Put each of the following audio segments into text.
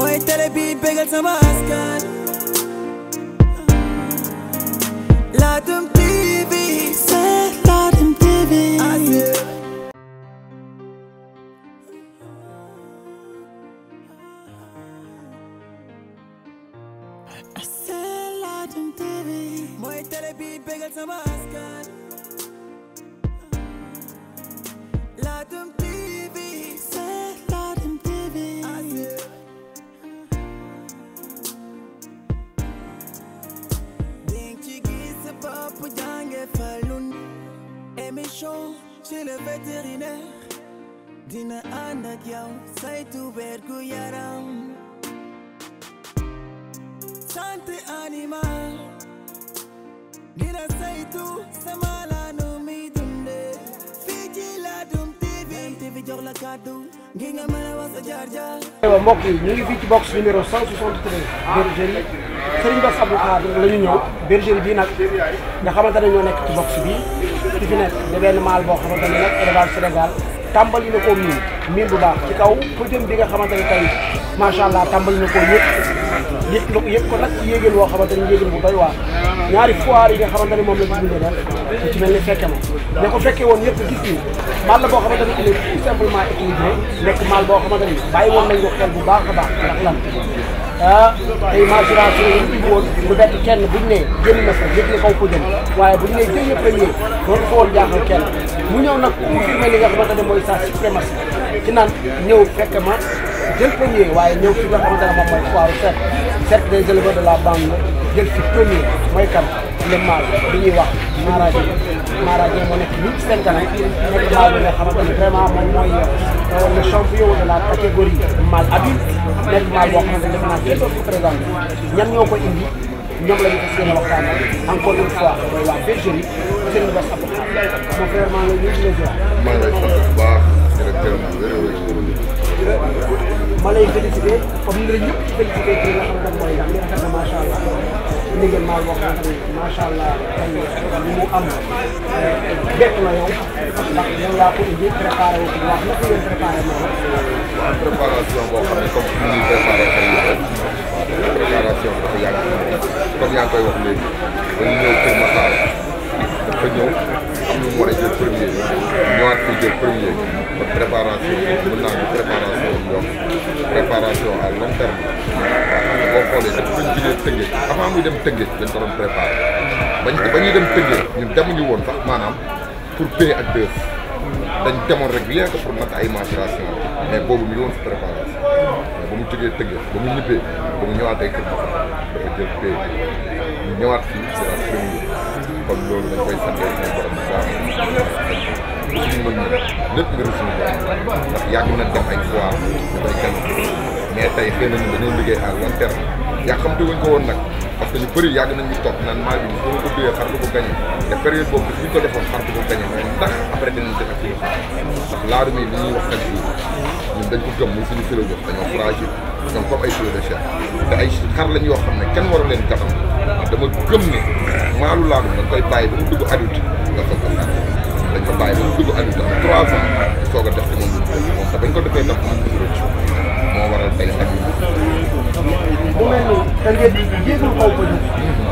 mooy télé bi bégal sama askan laatum cochon chez le vétérinaire dina ànd ak yow saytu wergu yaram santé animal dina saytu sama la nu mi dunde fii ci Ladoum TV TV jox la kàddu ngi nga mën a wax sa jaar jaar mbokk yi ñu ngi fii ci box numéro 163 bergerie Serigne Bass Abdou Khadre la ñu ñëw bergerie bii nag nga xamante ne ñoo nekk ci bi ci fi nekk da benn maal a xamante ne nag élevage Sénégal tàmbali na koo miin miin bu baax ci kaw pëjëm bi nga xamante ne tey macha allah tàmbali na koo yëpp yëg yëg ko nag yéegéen woo xamante ne yéegéen bu doy waar ñaari foire yi nga xamante ne moom la gis ngeen ku ci mel ni fekke ma ña ko fekkee woon ñëpp gis ni maal la boo xamante ne il est tout simplement équilibré nekk maal boo xamante ni bàyyi woon nañ ko xel bu baax a baax ndax lan ah tey marginal su ñu indi woon lu bett kenn buñ ne génn na ko yëg na kaw ko jëm waaye buñ ne jël yëpp premier doon ko woon jaaxal kenn mu ñëw nag confirmé li nga xamante ne mooy sa suprématie ci naan ñëw fekk ma jël premier waaye ñëw ci nga xamante ne moom mooy foire la bande jël ci premier mooy kan le mâle bi ñuy wax maraje maraje moo nekk nii seen kanam nekk mâle bi nga xamante ne vraiment moom mooy euh, le champion de la catégorie mâle adulte nekk mâle boo xamante ne def naa kenn ku présenté ñan ñoo ko indi ñoom la ñu fas yéene waxtaanal encore une fois mooy waa bergerie seen bés apporté moom vraiment ñu ngi lay jox. maa ngi lay sant bu baax. gërëm bu wér ma lay félicité comme ni la ñëpp félicité ci nga xam ne mooy ndax li rafet na macha allah liggéey maa wax na ni macha allah li mu am bett la yow ndax yow laa ko indi préparé wu ko wax na ko yéen préparé ma lañ jëlee tëggee avant muy dem tëggee dañ ko doon préparé ba ñuy dem tëggee ñun demuñu woon sax maanaam pour payer ak deux dañ demoon rek rien que pour natt ay maturation mais boobu ñu ngi woon si préparation mais ba mu jógee tëggee ba mu ñibbee ba mu ñëwaatee ñu ñëwaat fii c'est la première kon loolu dañ koy sant suñu borom bu baax suñu mën ñëw lépp nga rëdd suñu borom ndax yàgg na def ñu tey xëy na dañoo liggéey à long yaa xam te wuñ ko woon nag parce que ñu bëri yàgg nañ ñu topp naan maa ngi ko duggee xar du ko gañe te période boobu bu ñu ko defoon xar du ko gañe mais ndax après dinañ def ak ndax laaru mi li ñuy wax nag fii ñun dañ ko gëm muy suñu philosophie dañoo fragile ñoom comme ay filo de chair te ay xam ne kenn waru leen gatam dama gëm ne maalu laaru da koy bàyyi ba mu dugg adulte nga soog a dañ ko bàyyi ba mu dugg adulte am trois ans soog def ci moom moom te ko defee def moom moo waral tey nag te ngeen jéegul kaw ba jëm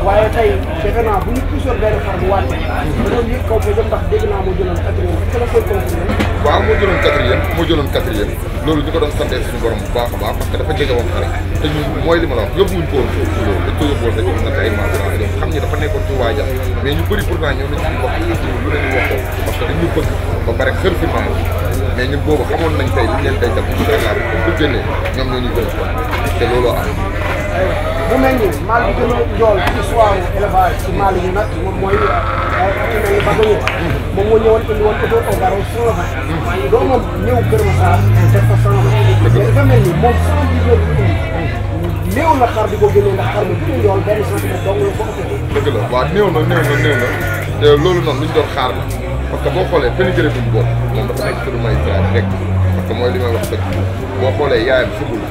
waaye tey defe naa bu ñu puusoon benn xar bu wàññi ba doon yëg kaw ba ndax dégg naa moo jëloon quatrième est moo jëloon quatrième loolu ñu ko doon santee suñu borom bu baax a baax parce que dafa jege woon xare te ñun mooy li ma la wax yóbbuwuñ ko woon loolu dañ ko yóbbuwoon rek ñu sant ay maasra xam ñi dafa nekkoon ci waajal mais ñu bëri pourtant ñëw nañ suñu bopp ñu que dañu bëgg ba pare xër fi maam mais ñun boobu xamoon nañ tey leen tey bu mel ni maal bi a njool ci soiru élevage ci maal yi nag moom mooy ku mel ni Bagoye moom moo ñëwoon indi woon auto au garage a njool benn loolu noonu lu doon xaar la parce boo xoolee pénibilité bi ñu bokk moom dafa nekk sur may direct parce que mooy li may wax dëgg boo xoolee yaayam sugul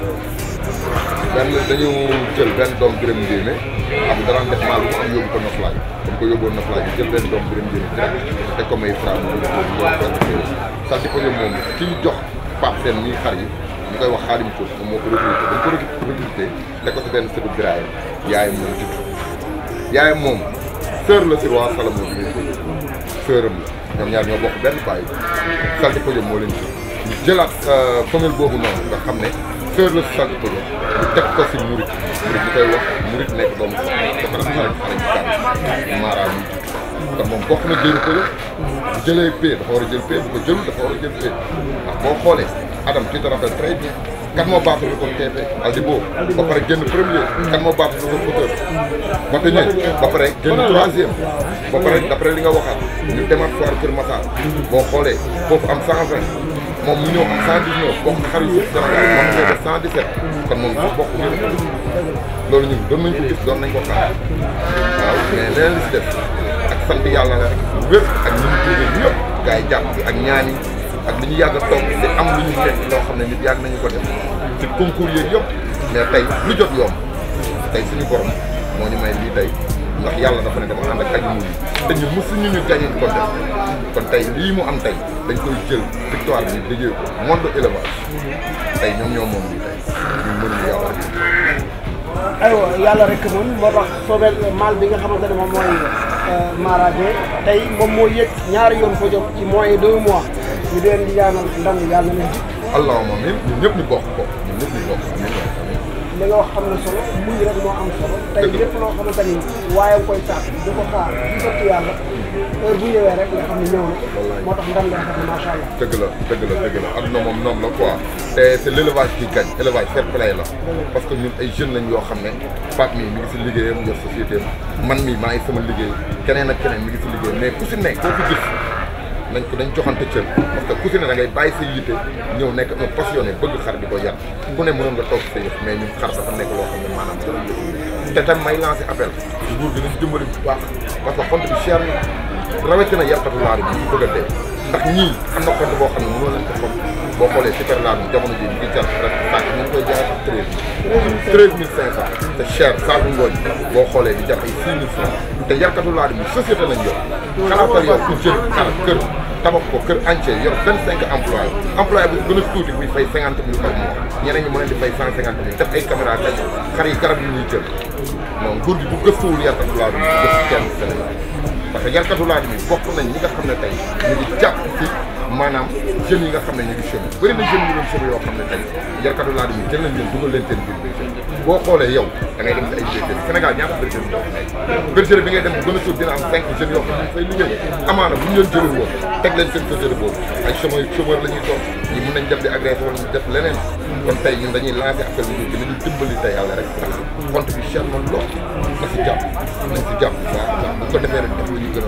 benn dañu jël benn doom Birame Ndiémé am daraan def maal bu que yóbboon noflaay bi jël benn doom Birame ko may Fra mu sal si ko yóbbu moom ki ñu jox Pape Sène ñuy xar ñoom ñaar ñoo bokk benn bàyyi sal si moo leen jëlaat famille euh, boobu noonu nga xam ne sër la sàkk pëlo ñu teg ko si murit murit bi koy wax murit nekk doomu soxla dafa moom bokk na jëlu pëlo bu jëlee pee dafa war a jël pee bu ko jël boo xoolee Adam tu te rappelles très bien kan moo baax lu ko teepee Aldiboo ba pare génn premier kan moo baax lu ko auteur Matuñe ba pare génn troisième ba pare d'après li nga waxaat ñu demaat foire Kër Massar boo xoolee foofu am cent moom mu ñëw ak 119 bokk xar yu suuf dara moom mu ñëw def 117. kon loolu ñu doon nañ ko doon nañ ko xaar. waaw mais leneen li si def ak sant yàlla la rek wér ak ñi ñu tuddee ñëpp gars yi jàpp ci ak ñaan yi ak li ñu yàgg a toog am lu ñu nekk xam ne nit yàgg nañu ko def ci concours yëpp mais tey lu jot yoon tey suñu borom moo ñu may lii tey. ndax yàlla dafa ne dafa ànd ak xaj muñ te ñu mësuñu ñu gagné ko def kon tey lii mu am tey dañ koy jël victoire bi déjee ko monde élevage tey ñoom ñoo moom lii tey ñu mënuñu yàlla rek aywa yàlla rek mën moo tax soobeel eh, maal bi nga xamante ne moom mooy eh, maaraaje tey moom moo yëg ñaari yoon ko jot ci moyen deux mois ñu deen di ñaanal ndam yàlla na ji allahumma ñun ñëpp ñu bokk ko ñun ñëpp ñu bokk li nga wax am solo muñ rek moo am solo tey lépp loo xam ne ñëw na moo tax ndam la te la dëgg la adduna moom noonu la quoi te c'est l'élevage qui gagne élevage fair la parce que ñun ay jeunes lañ yoo xam ne Pape mii mi ngi si liggéeyam yor société man mii maa ngi sama liggéey keneen ak keneen mi ngi si liggéey mais ku si nekk koo fi gis nañ ko dañ joxante cër parce que ku si ne da ngay bàyyi sa yitte ñëw nekk un bëgg xar bi ko yar ku ne mënoon nga toog sa yëf mais ñun xar dafa nekk loo xam ne maanaam te tam may lancé appel nguur gi nañ dimbali bu baax parce que xont bi cher na rawatina yarkatu laar bi bëgg a dee ndax ñii am na compte boo xam ne mënoo leen ko compte boo xoolee si laar bi jamono ji di jar rek ngi koy jaay sax treize mille treize mille cinq cent te cher saaku ngooñ boo xoolee di jar ay six mille franc te yarkatu laar bi société lañ yor xalaatal yow ku jël xar kër tabax ko kër entier yor vingt cinq employé employé bu gën a tuuti buy fay cinquante mille par mois ñi mën leen di fay cent cinquante mille ay caméra xar yi garab yi ñuy jël non nguur bu gëstuwul yarkatu laar ndax yarkatu laaj bi bokk nañ ñi nga xam ne tey ñu ngi jàpp ci maanaam jeunes yi nga xam ne ñu ngi chômé yoo xam ne tey yarkatu laa dem ci ay bergerie Sénégal ñaata bergerie yoo xam ne fay liggéey amaana bu ñu leen jëlul woon la di agressé wala ñu def leneen kon tey ñun dañuy lancé appel ñu dimbali tey yàlla rek compte bi cher na lool na si jàpp nañ si jàpp bu ko defee rek def lu gën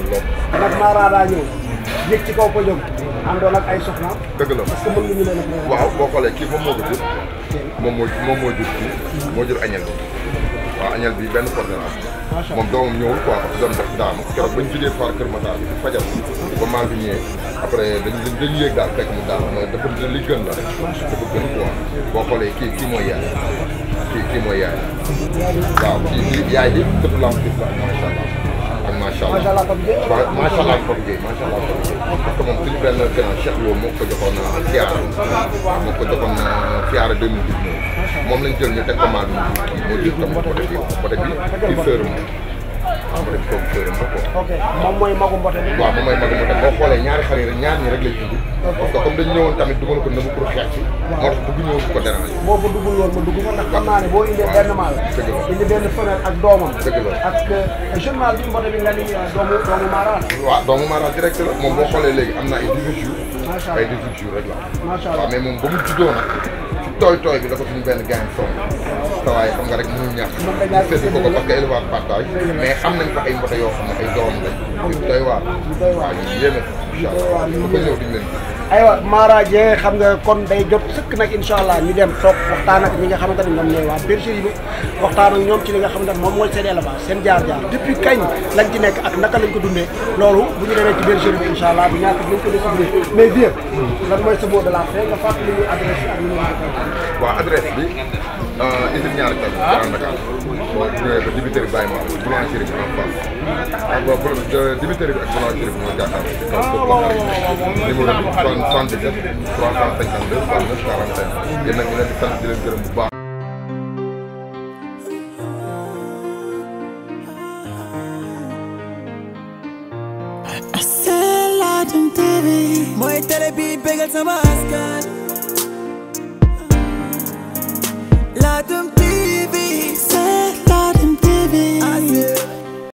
a lool àndoon ak ay soxnaam. dëgg la parce que mën nañu waaw boo xoolee kii moom moo ko jur. moom moo moom moo jur kii. moo jur añel bi. waaw añel bi benn coordonnance la. moom doomam ñëwul quoi parce que doon def daanu. keroog bañ jugee Paar Kër Matar bi fajar ba maa ngi ñëwee après dañu dañu daal fekk mu daal mooy li gën la rek. dafa gën quoi boo xoolee kii kii mooy yaay kii kii mooy yaay waaw kii yaay bi dëpp lamb bi quoi macha allah. macha allah macha allah Pape Gueye macha allah Pape Gueye parce que moom suñu benn grand Cheikh Lo moo ko joxoon Fiara moo ko joxoon Fiara 2019 moom lañ jël ñu teg commande bi moo jël tam côté bi côté bi ci sœur ok moom mooy magu mbote bi. waaw moom mooy magu mbote boo xoolee ñaari xale yi rek lay dugg. parce que comme dañu ñëwoon tamit du ma la ko nëbu pour xeex ci. waaw moo tax ko déranger. boo ko duggul woon ma dugg ko ndax xam la indi benn femelle ak doomam. dëgg euh, euh, waaw doomu maaraal direct la moom boo xoolee léegi am na ay 18 jours. macha allah ay 18 rek la. macha moom ba mu juddoo nag ci tooy tooy bi dafa suñu benn gaañ sonn waaye xam nga rek mënuñ ñàkk séddu ko ko parce que élevage partage mais xam nañ ko ay mbota yoo xam ne ay doom lañ yu doy waar waaw ñu yéeme incha allah ku ko ñëw diñ leen aywa Mara Dieng xam nga kon day jot sëkk nag incha allah ñu dem toog waxtaan ak ñi nga xamante ne ñoom ñooy waa bergerie bi waxtaan ñoom ci li nga xamante ne moom mooy seen élevage seen jaar-jaar depuis kañ lañ ci nekk ak naka lañ ko dundee loolu bu ñu demee ci bergerie bi incha allah bu ñàkk dinañ ko découvrir mais vieux lan mooy sa mot de la fin nga fàttali ñu adresse ñu waaw bi usine ñaari kër Grand Dakar dibiterie am 77 352 39 41 yéen nag ñu leen di sant di leen gërëm mooy télé bi bégal